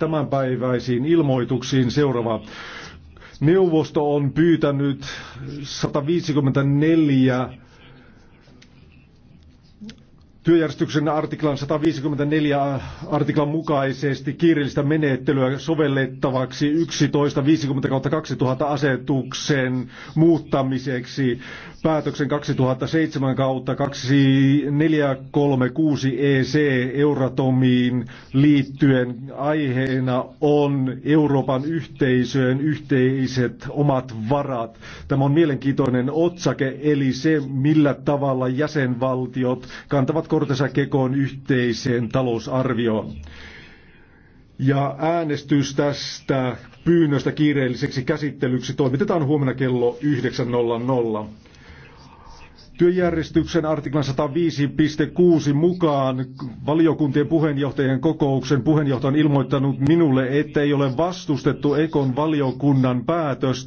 tämänpäiväisiin ilmoituksiin seuraava. Neuvosto on pyytänyt 154 työjärjestyksen artiklan 154 artiklan mukaisesti kiireellistä menettelyä sovellettavaksi 1150-2000 asetuksen muuttamiseksi päätöksen 2007 kautta 2436 EC Euratomiin liittyen aiheena on Euroopan yhteisöjen yhteiset omat varat. Tämä on mielenkiintoinen otsake, eli se millä tavalla jäsenvaltiot kantavat kortensa kekoon yhteiseen talousarvioon. Ja äänestys tästä pyynnöstä kiireelliseksi käsittelyksi toimitetaan huomenna kello 9.00. Työjärjestyksen artiklan 105.6 mukaan valiokuntien puheenjohtajien kokouksen puheenjohtaja on ilmoittanut minulle, että ei ole vastustettu Ekon valiokunnan päätöstä